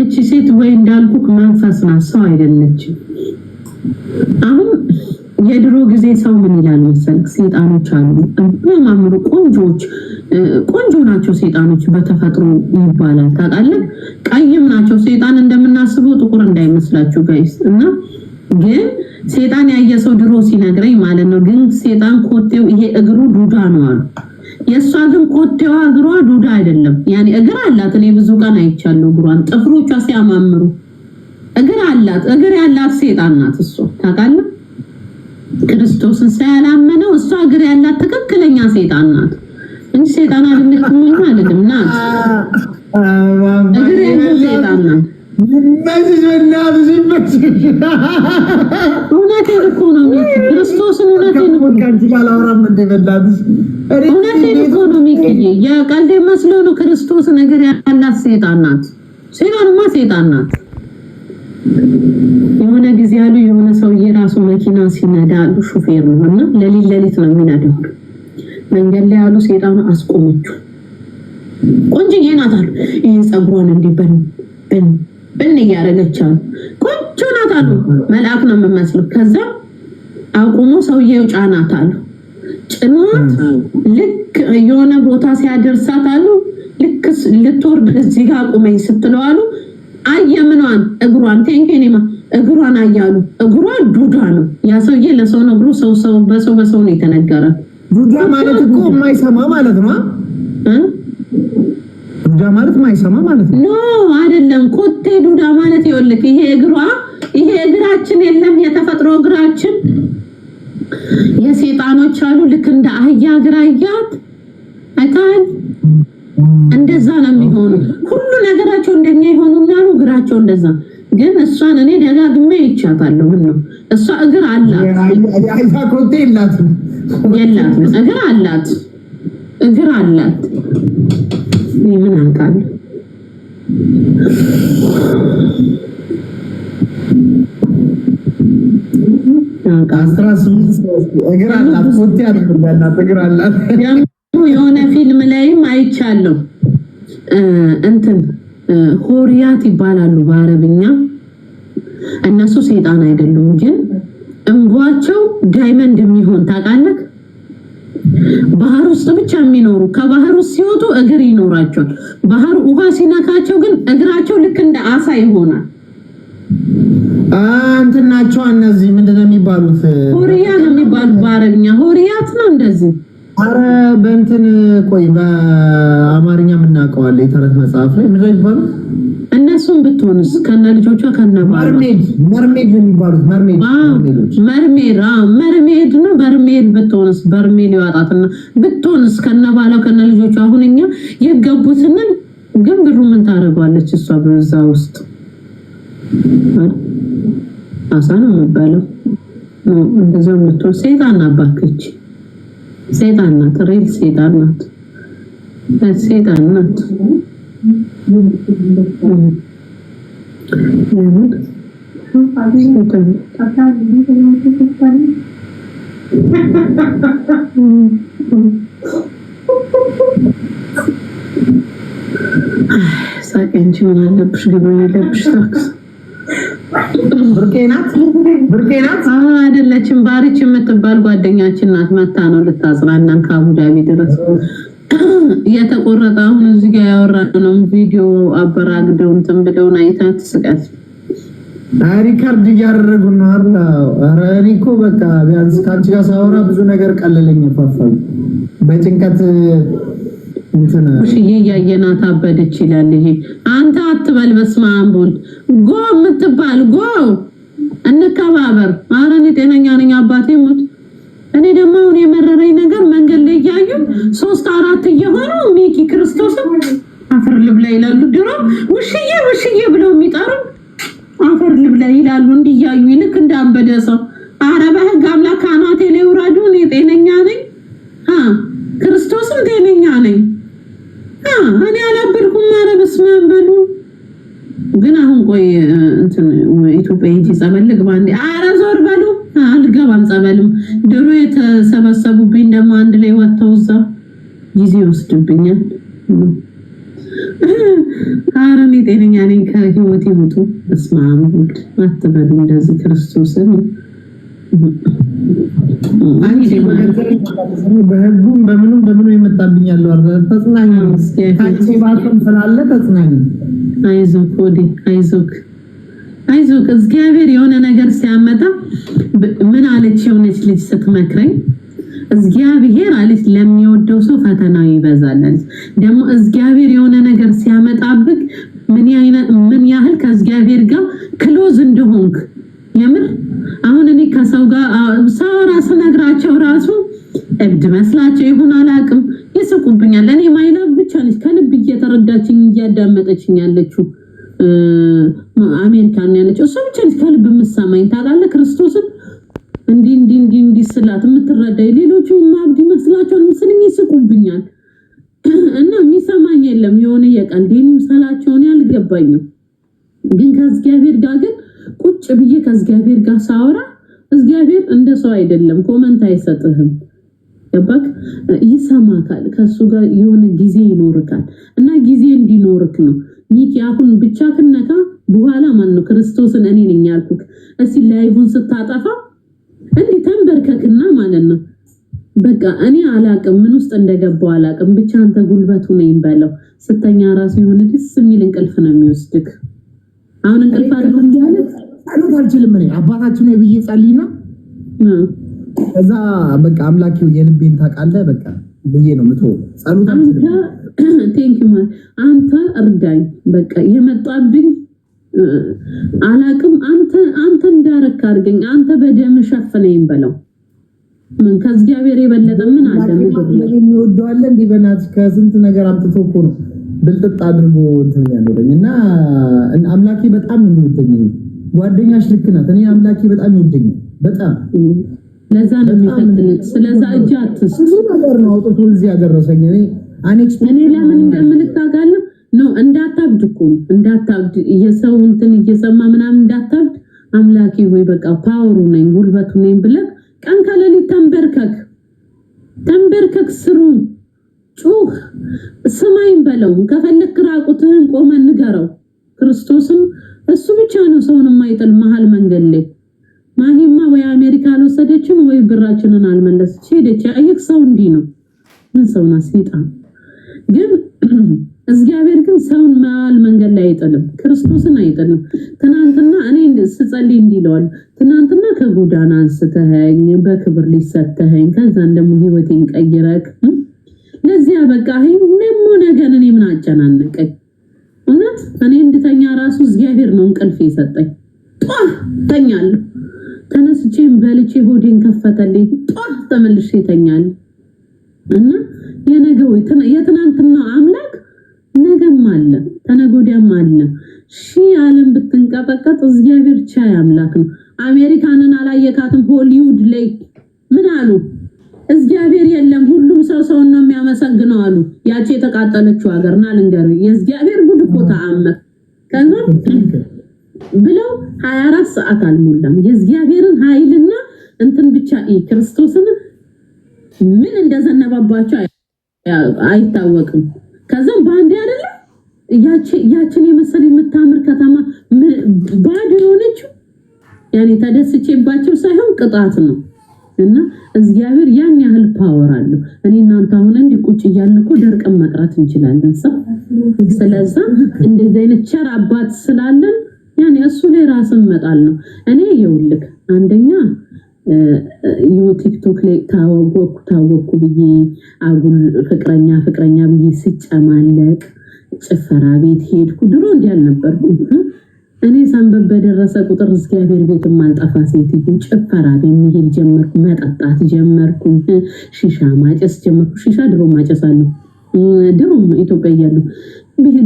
እቺ ሴት ወይ እንዳልኩክ መንፈስ ናት፣ ሰው አይደለችም። አሁን የድሮ ጊዜ ሰው ምን ይላል መሰለክ? ሴጣኖች አሉ የሚያማምሩ ቆንጆች፣ ቆንጆ ናቸው ሴጣኖች በተፈጥሮ ይባላል ታውቃለህ። ቀይም ናቸው ሴጣን እንደምናስበው ጥቁር እንዳይመስላችሁ ጋይስ። እና ግን ሴጣን ያየ ሰው ድሮ ሲነግረኝ ማለት ነው፣ ግን ሴጣን ኮቴው ይሄ እግሩ ዱዳ ነው አሉ የእሷ ግን ኮቴዋ እግሯ ዱዳ አይደለም። ያኔ እግር አላት። እኔ ብዙ ቀን አይቻለሁ እግሯን፣ ጥፍሮቿ ሲያማምሩ እግር አላት። እግር ያላት ሴጣን ናት እሷ ታውቃለህ። ክርስቶስን ሳያላመነው እሷ እግር ያላት ትክክለኛ ሴጣን ናት እንጂ ሴጣን አልምትምሉ አይደለም ናት። እግር ያላት ሴጣን ናት። መዝዝ በና ብዙ ይመስል የቀልድ መስሎህ ነው። ክርስቶስ ነገር ያላት ሴጣን ናት። ሴጣንማ ሴጣን ናት። የሆነ ጊዜ ያሉ የሆነ ሰውዬ ራሱ መኪና ሲነዳ ሹፌር ነው እና ሌሊት ሌሊት ነው የሚነዳው። መንገድ ላይ አሉ ሴጣኑ አስቆመችው። ቆንጅዬ ናት አሉ ይህን ፀጉሯን እንዲህ በን በን ብን እያደረገች አሉ። ቆንጆ ናት አሉ። መልአክ ነው የምመስለው። ከዛ አቁሞ ሰውየው ጫናት አሉ። ጭኖት ልክ የሆነ ቦታ ሲያደርሳት አሉ። ልክ ልትወርድ እዚህ ጋር አቁመኝ ስትለው አሉ አየምኗን እግሯን ቴንኬኔማ እግሯን አያሉ እግሯ ዱዳ ነው። ያ ሰውዬ ለሰው ነግሮ ሰው ሰው በሰው በሰው ነው የተነገረ። ዱዳ ማለት እኮ የማይሰማ ማለት ነው። ዱዳ ማለት ማይሰማ ማለት ነው። ኖ አይደለም። ኮቴ ዱዳ ማለት ይኸውልህ፣ ይሄ እግሯ ይሄ እግራችን የለም የተፈጥሮ እግራችን የሴጣኖች አሉ። ልክ እንደ አህያ እግራ አያት አይታል። እንደዛ ነው የሚሆኑ ሁሉ ነገራቸው እንደኛ የሆኑና ነው እግራቸው እንደዛ። ግን እሷን እኔ ደጋግሜ ይቻታለሁ። ምን ነው እሷ እግር አላት የላት እግር አላት እግር አላት ምን አውቃለሁ። የሆነ ፊልም ላይም አይቻለሁ። እንትን ሆሪያት ይባላሉ በአረብኛ። እነሱ ሴጣን አይደሉም፣ ግን ዳይመንድ የሚሆን ታውቃለህ ባህር ውስጥ ብቻ የሚኖሩ ከባህር ውስጥ ሲወጡ እግር ይኖራቸዋል። ባህር ውሃ ሲነካቸው ግን እግራቸው ልክ እንደ አሳ ይሆናል። እንትን እነዚህ ምንድን ነው የሚባሉት? ሆሪያ ነው የሚባሉት በአረግኛ ሆሪያት ነው እንደዚህ አረ በእንትን ቆይ በአማርኛ የምናውቀዋለ የተረት መጽሐፍ ላይ ምንድን ይባሉ እነሱም ብትሆንስ ከነ ልጆቿ ከነ መርሜድ መርሜድ የሚባሉት መርሜድ መርሜድ መርሜድ ነው። በርሜድ ብትሆንስ በርሜድ ይዋጣትና ብትሆንስ ከነ ባለው ከነ ልጆቿ አሁን እኛ የገቡትንን ግን ብሩ ምን ታደርጓለች እሷ በዛ ውስጥ አሳ ነው የሚባለው እንደዚያ ምትሆን ሴት አናባክች ሴጣን ናት። ሬል ሴጣን ናት። ሴጣን ናት። ሳቄ አንቺ ምን አለብሽ? ግብር አለብሽ ታክስ ብርቄናት አይደለችም። ባሪች የምትባል ጓደኛችን ናት። መታ ነው ልታጽናናን ከአቡዳቢ ድረስ የተቆረጠ አሁን እዚህ ጋ ያወራ ነው ቪዲዮ አበራግደው እንትን ብለውን ሪካርድ እያደረጉ ነው አላ እኔ እኮ በቃ ቢያንስ ከአንቺ ጋር ሳወራ ብዙ ነገር ቀለለኝ። ፋፋ በጭንቀት ውሽዬ እያየናት አበደች ይላል። ይሄ አንተ አትበል። በስመ አብ ወልድ ጎ የምትባል ጎ እንከባበር። ኧረ እኔ ጤነኛ ነኝ አባቴ ሞት። እኔ ደግሞ አሁን የመረረኝ ነገር መንገድ ላይ እያዩ ሶስት አራት እየሆኑ ሚኪ ክርስቶስም አፈር ልብላ ይላሉ። ድሮ ውሽዬ ውሽዬ ብለው የሚጠሩ አፈር ልብላ ይላሉ። እንዲያዩ ይልክ እንዳበደ ሰው አረ በህግ አምላክ አናቴ ላይ ውረዱ። እኔ ጤነኛ ነኝ ክርስቶስም ጤነኛ ነኝ። እኔ አላበድኩም። ኧረ በስመ አብ በሉ። ግን አሁን ቆይ እንትን ኢትዮጵያ ሂጂ ጸበል ልግባ እንዴ? ኧረ ዞር በሉ። አልገባም ጸበልም። ድሮ የተሰበሰቡብኝ ደግሞ አንድ ላይ ወጥተው እዛ ጊዜ ይወስድብኛል። ኧረ እኔ ጤነኛ ነኝ። ከህይወት ይውጡ። በስመ አብ አትበሉ እንደዚህ ክርስቶስን በህጉም በምኑም በምኑ የመጣብኛለሁ ተጽናኝ ባቶም ስላለ ተጽናኝ። አይዞክ ወዴ አይዞክ አይዞክ። እግዚአብሔር የሆነ ነገር ሲያመጣ ምን አለች የሆነች ልጅ ስትመክረኝ እግዚአብሔር አለች ለሚወደው ሰው ፈተናው ይበዛል አለች። ደግሞ እግዚአብሔር የሆነ ነገር ሲያመጣብህ ምን ያህል ከእግዚአብሔር ጋር ክሎዝ እንደሆንክ የምር አሁን እኔ ከሰው ጋር ሰው ራስ ነግራቸው ራሱ እብድ መስላቸው ይሁን አላውቅም፣ ይስቁብኛል። እኔ ማይለብ ብቻ ነች ከልብ እየተረዳችኝ እያዳመጠችኝ ያለችው አሜሪካ ነው ያለችው እሷ ብቻ ነች ከልብ የምሰማኝ ታውቃለህ። ክርስቶስን እንዲህ እንዲህ እንዲህ እንዲህ ስላት የምትረዳ ሌሎቹ ማብድ ይመስላቸዋል፣ ምስልኝ ይስቁብኛል። እና የሚሰማኝ የለም የሆነ የቀልዴን ምሳላቸውን ያልገባኝም ግን ከእግዚአብሔር ጋር ግን ቁጭ ብዬ ከእግዚአብሔር ጋር ሳወራ እግዚአብሔር እንደ ሰው አይደለም፣ ኮመንት አይሰጥህም። ገባክ? ይሰማካል። ከእሱ ጋር የሆነ ጊዜ ይኖርካል። እና ጊዜ እንዲኖርክ ነው። ሚኪ አሁን ብቻ ክነካ በኋላ ማን ነው ክርስቶስን እኔ ነኝ ያልኩክ። እስቲ ላይቡን ስታጠፋ እንዲ ተንበርከክና ማለት ነው በቃ እኔ አላቅም፣ ምን ውስጥ እንደገባው አላቅም። ብቻ አንተ ጉልበቱ ነኝ በለው። ስተኛ ራሱ የሆነ ደስ የሚል እንቅልፍ ነው የሚወስድክ። አሁን እንቅልፍ አለው እንዲያለ አለ ጸሎት አልችልም እኔ አባታችን ነው ብዬ ጸልይና ከዛ በቃ አምላኪው የልቤን ታውቃለህ በቃ ብዬ ነው ምቶ ጸሎት አልችልም። ቴንክ ዩ አንተ እርዳኝ፣ በቃ የመጣብኝ አላቅም። አንተ አንተ እንዳረክ አድርገኝ፣ አንተ በደም ሸፍነኝ በለው። ምን ከእግዚአብሔር የበለጠ ምን አለ? የሚወደዋለ እንዲህ በናት ከስንት ነገር አምጥቶ እኮ ነው ብልጥጥ አድርጎ እንትን ያለኝ እና አምላኬ በጣም የሚወደኝ ጓደኛሽ ልክ ናት። እኔ አምላኬ በጣም ይወደኝ በጣም ለዛ ነው የሚፈትንህ። ስለዛ እጅ አትስጥ ነገር ነው አውጥቶ እዚህ ያደረሰኝ። እኔ እኔ ለምን እንደምንታጋለ ነው እንዳታብድ እኮ እንዳታብድ፣ የሰው እንትን እየሰማ ምናምን እንዳታብድ። አምላኬ ወይ በቃ ፓወሩ ነኝ ጉልበቱ ነኝ ብለህ ቀን ከሌሊት ተንበርከክ ተንበርከክ ስሩ ጩህ ስማይም በለው ከፈለክ ራቁትህን ቆመ ንገረው። ክርስቶስም እሱ ብቻ ነው ሰውን የማይጥል መሀል መንገድ ላይ ማሂማ ወይ አሜሪካ አልወሰደችም ወይ ብራችንን አልመለሰች ሄደች። አየህ ሰው እንዲህ ነው። ምን ሰውና ሰይጣን ግን እግዚአብሔር ግን ሰውን መሀል መንገድ ላይ አይጥልም። ክርስቶስን አይጥልም። ትናንትና እኔ ስጸልይ እንዲህ ትናንትና ከጎዳና አንስተኸኝ በክብር ሊሰተኸኝ ከዛን ደግሞ ህይወቴን ቀይረክ ለዚያ በቃ ይህንም ነገር እኔ ምን አጨናነቀኝ? እውነት እኔ እንድተኛ ራሱ እግዚአብሔር ነው እንቅልፍ የሰጠኝ። ጧ ተኛለሁ። ተነስቼም በልቼ ሆዴን ከፈተልኝ። ጧ ተመልሼ ተኛለሁ እና የነገው የትናንትና አምላክ ነገም አለ ተነጎዳም አለ። ሺ ዓለም ብትንቀጠቀጥ እግዚአብሔር ቻይ አምላክ ነው። አሜሪካንን አላየካትም? ሆሊውድ ላይ ምን አሉ? እግዚአብሔር የለም ሁሉም ሰው ሰውን ነው የሚያመሰግነው አሉ። ያቺ የተቃጠለችው ሀገር ና ልንገር የእግዚአብሔር ጉድ እኮ ተአምር ከዛ ብለው ሀያ አራት ሰዓት አልሞላም የእግዚአብሔርን ኃይልና እንትን ብቻ ክርስቶስን ምን እንደዘነባባቸው አይታወቅም። ከዛም በአንዴ አይደለም ያችን የመሰል የምታምር ከተማ ባዶ የሆነችው ያኔ ተደስቼባቸው ሳይሆን ቅጣት ነው። እና እግዚአብሔር ያን ያህል ፓወር አለው። እኔ እናንተ አሁን እንዲህ ቁጭ እያልን እኮ ደርቀን መቅረት እንችላለን ሰው። ስለዛ እንደዚህ አይነት ቸር አባት ስላለን ያን እሱ ላይ ራስን መጣል ነው። እኔ የውልክ አንደኛ ቲክቶክ ላይ ታወቅኩ ታወቅኩ ብዬ አጉል ፍቅረኛ ፍቅረኛ ብዬ ስጨማለቅ ጭፈራ ቤት ሄድኩ። ድሮ እንዲህ አልነበርኩም። እኔ ሰንበት በደረሰ ቁጥር እግዚአብሔር ቤት ማልጠፋ ሴትዮ ጭፈራ የሚሄድ ጀመርኩ፣ መጠጣት ጀመርኩ፣ ሺሻ ማጨስ ጀመርኩ። ሺሻ ድሮ ማጨሳለሁ። ድሮም ኢትዮጵያ እያሉ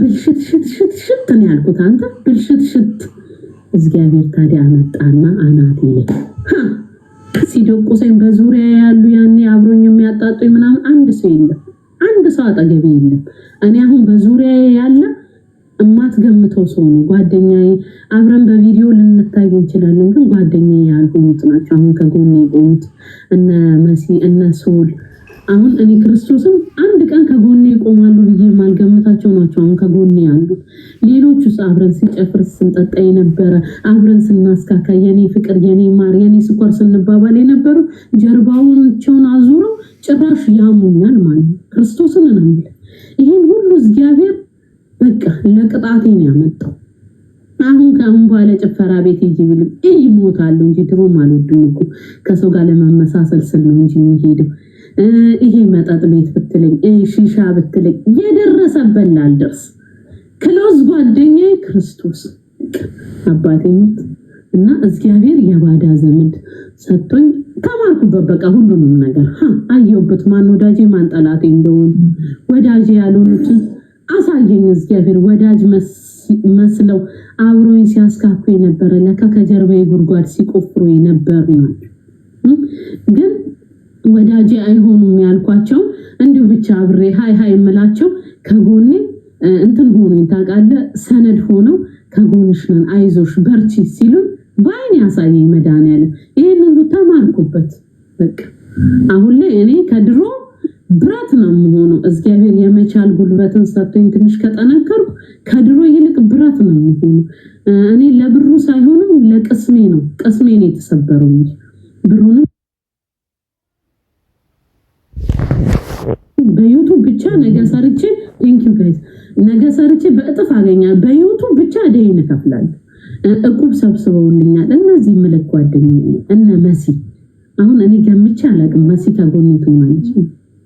ብልሽትሽትሽትሽት ነው ያልኩት። አንተ ብልሽት ሽት እግዚአብሔር ታዲያ አመጣና አናቴ ሲደቁሰኝ በዙሪያ ያሉ ያኔ አብሮኝ የሚያጣጡኝ ምናምን አንድ ሰው የለም፣ አንድ ሰው አጠገቤ የለም። እኔ አሁን በዙሪያ ያለ እማትገምተው ሰው ነው ጓደኛዬ። አብረን በቪዲዮ ልንታይ እንችላለን፣ ግን ጓደኛዬ ያልሆኑት ናቸው አሁን ከጎን የቆሙት እነ መሲ እነ ሶል። አሁን እኔ ክርስቶስን አንድ ቀን ከጎን ይቆማሉ ብዬ የማልገምታቸው ናቸው አሁን ከጎን ያሉት። ውስጥ አብረን ስንጨፍር ስንጠጣ የነበረ አብረን ስናስካካ የኔ ፍቅር የኔ ማር የኔ ስኳር ስንባባል የነበሩ ጀርባቸውን አዙረው ጭራሽ ያሙኛል ማለት ነው። ክርስቶስን ነው ይሄን ሁሉ እግዚአብሔር በቃ ለቅጣቴ ነው ያመጣው። አሁን ከአሁን በኋላ ጭፈራ ቤት ሂጂ ብልም ይህ ይሞታሉ እንጂ ድሮም አልወድም እኮ ከሰው ጋር ለመመሳሰል ስል ነው እንጂ የሚሄደው ይሄ መጠጥ ቤት ብትለኝ፣ ሺሻ ብትለኝ የደረሰበት ላልደርስ ክሎዝ ጓደኛ ክርስቶስ አባቴ እና እግዚአብሔር የባዳ ዘመድ ሰጥቶኝ ተማርኩበት። በቃ ሁሉንም ነገር አየሁበት፣ ማን ወዳጄ ማን ጠላቴ እንደሆኑ ወዳጄ ያልሆኑትን አሳየኝ እግዚአብሔር ወዳጅ መስለው አብሮኝ ሲያስካኩ የነበረ ለካ ከጀርባዬ ጉድጓድ ሲቆፍሩ የነበር ናቸው። ግን ወዳጅ አይሆኑም ያልኳቸው እንዲሁ ብቻ አብሬ ሀይ ሀይ የምላቸው ከጎኔ እንትን ሆኖ ታውቃለህ፣ ሰነድ ሆነው ከጎንሽ ነን፣ አይዞሽ በርቺ ሲሉን በአይን ያሳየኝ መድኃኒዓለም። ይህን ሁሉ ተማርኩበት። በቃ አሁን ላይ እኔ ከድሮ ብረት ነው የምሆነው። እግዚአብሔር የመቻል ጉልበትን ሰጥቶኝ ትንሽ ከጠነከርኩ ከድሮ ይልቅ ብረት ነው የምሆነው። እኔ ለብሩ ሳይሆንም ለቅስሜ ነው ቅስሜ ነው የተሰበረው እንጂ ብሩንም በዩቱብ ብቻ ነገ ሰርቼ ቴንኪው ጋይዝ፣ ነገ ሰርቼ በእጥፍ አገኛለሁ። በዩቱብ ብቻ ደይን እከፍላለሁ። እቁብ ሰብስበውልኛል እነዚህ ምልክ ጓደኛ እነ መሲ አሁን እኔ ገምቼ አላውቅም። መሲ ከጎኔ ትሆናለች።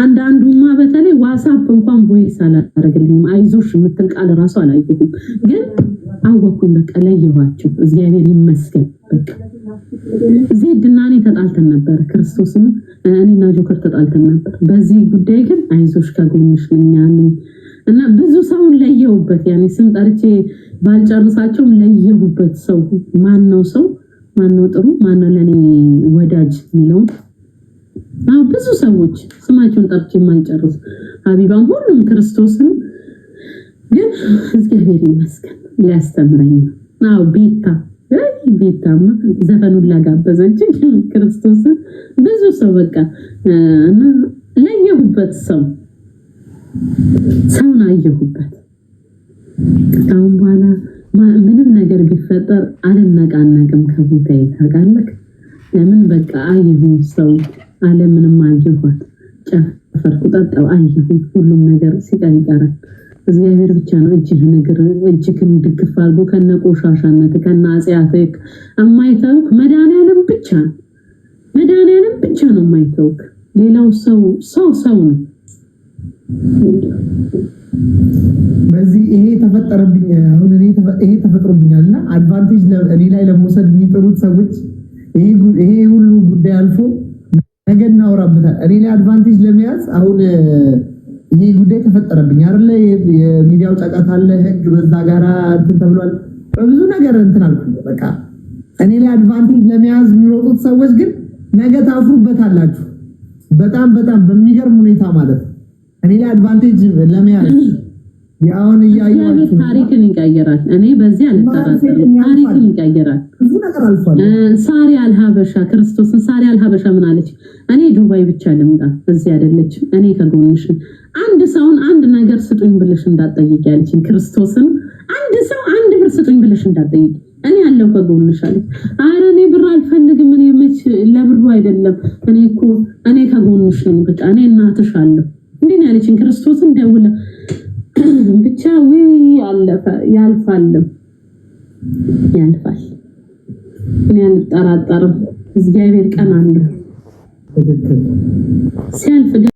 አንዳንዱማ በተለይ ዋትሳፕ እንኳን ቦይስ አላደረግልኝም። አይዞሽ የምትል ቃል ራሱ አላየሁም፣ ግን አወኩኝ። በቃ ለየኋቸው፣ እግዚአብሔር ይመስገን። ዜድ እና እኔ ተጣልተን ነበር፣ ክርስቶስም እኔና ጆከር ተጣልተን ነበር። በዚህ ጉዳይ ግን አይዞሽ ከጎንሽ ነኝ እና ብዙ ሰውን ለየሁበት። ያኔ ስም ጠርቼ ባልጨርሳቸውም ለየሁበት። ሰው ማነው ሰው ማነው ጥሩ ማነው ለእኔ ወዳጅ የሚለውን ብዙ ሰዎች ስማቸውን ጠርቼ የማልጨርስ ሀቢባም፣ ሁሉም ክርስቶስን ግን እግዚአብሔር ይመስገን ሊያስተምረኝ ነው። ቤታ ቤታማ ዘፈኑን ላጋበዘች ክርስቶስን ብዙ ሰው በቃ እና ለየሁበት ሰው ሰውን አየሁበት። አሁን በኋላ ምንም ነገር ቢፈጠር አልነቃነቅም ከቦታ ታውቃለህ። ለምን በቃ አየሁን ሰው ዓለምንም አየኋት፣ ጨፈርኩ፣ ጠጣሁ፣ አየሁ። ሁሉም ነገር ሲቀር ይቀራል። እግዚአብሔር ብቻ ነው እጅህ እጅህን እጅህን ድግፍ አድርጎ ከነ ቆሻሻነት ከነ አጽያትክ የማይተውክ መድኃኒዓለም ብቻ ነው። መድኃኒዓለም ብቻ ነው የማይተውክ። ሌላው ሰው ሰው ሰው ነው። በዚህ ይሄ ተፈጠረብኝ አሁን ይሄ ተፈጥሮብኛል እና አድቫንቴጅ እኔ ላይ ለመውሰድ የሚጥሩት ሰዎች ይሄ ሁሉ ጉዳይ አልፎ ነገ እናወራበታል። እኔ ላይ አድቫንቴጅ ለመያዝ አሁን ይሄ ጉዳይ ተፈጠረብኝ አይደለ? የሚዲያው ጫጫታ አለ፣ ህግ በዛ ጋራ እንትን ተብሏል፣ በብዙ ነገር እንትን አልኩ። በቃ እኔ ላይ አድቫንቴጅ ለመያዝ የሚሮጡት ሰዎች ግን ነገ ታፍሩበት አላችሁ። በጣም በጣም በሚገርም ሁኔታ ማለት ነው። እኔ ላይ አድቫንቴጅ ለመያዝ አሁን እያየሁ ታሪክን ይቀየራል። እኔ በዚህ አልጠራጠርም። ታሪክን ይቀየራል። ነገር አልፏል። ሳሪ አልሀበሻ ክርስቶስን ሳሪ አልሀበሻ ምን አለች? እኔ ዱባይ ብቻ ልምጣ እዚህ አይደለች እኔ ከጎንሽ አንድ ሰውን አንድ ነገር ስጡኝ ብለሽ እንዳትጠይቂ ያለችኝ ክርስቶስን አንድ ሰው አንድ ብር ስጡኝ ብልሽ እንዳትጠይቂ እኔ ያለው ከጎንሽ አለች። ኧረ እኔ ብር አልፈልግም። እኔ መች ለብሩ አይደለም እኔ እኮ እኔ ከጎንሽ ነው ብቻ እኔ እናትሽ አለሁ እንዴ ያለችኝ ክርስቶስን ደውላ ብቻ ወይ አለፈ ያልፋልም ያልፋል እኔ አልጠራጠርም። እግዚአብሔር ቀን አለው ሲያልፍ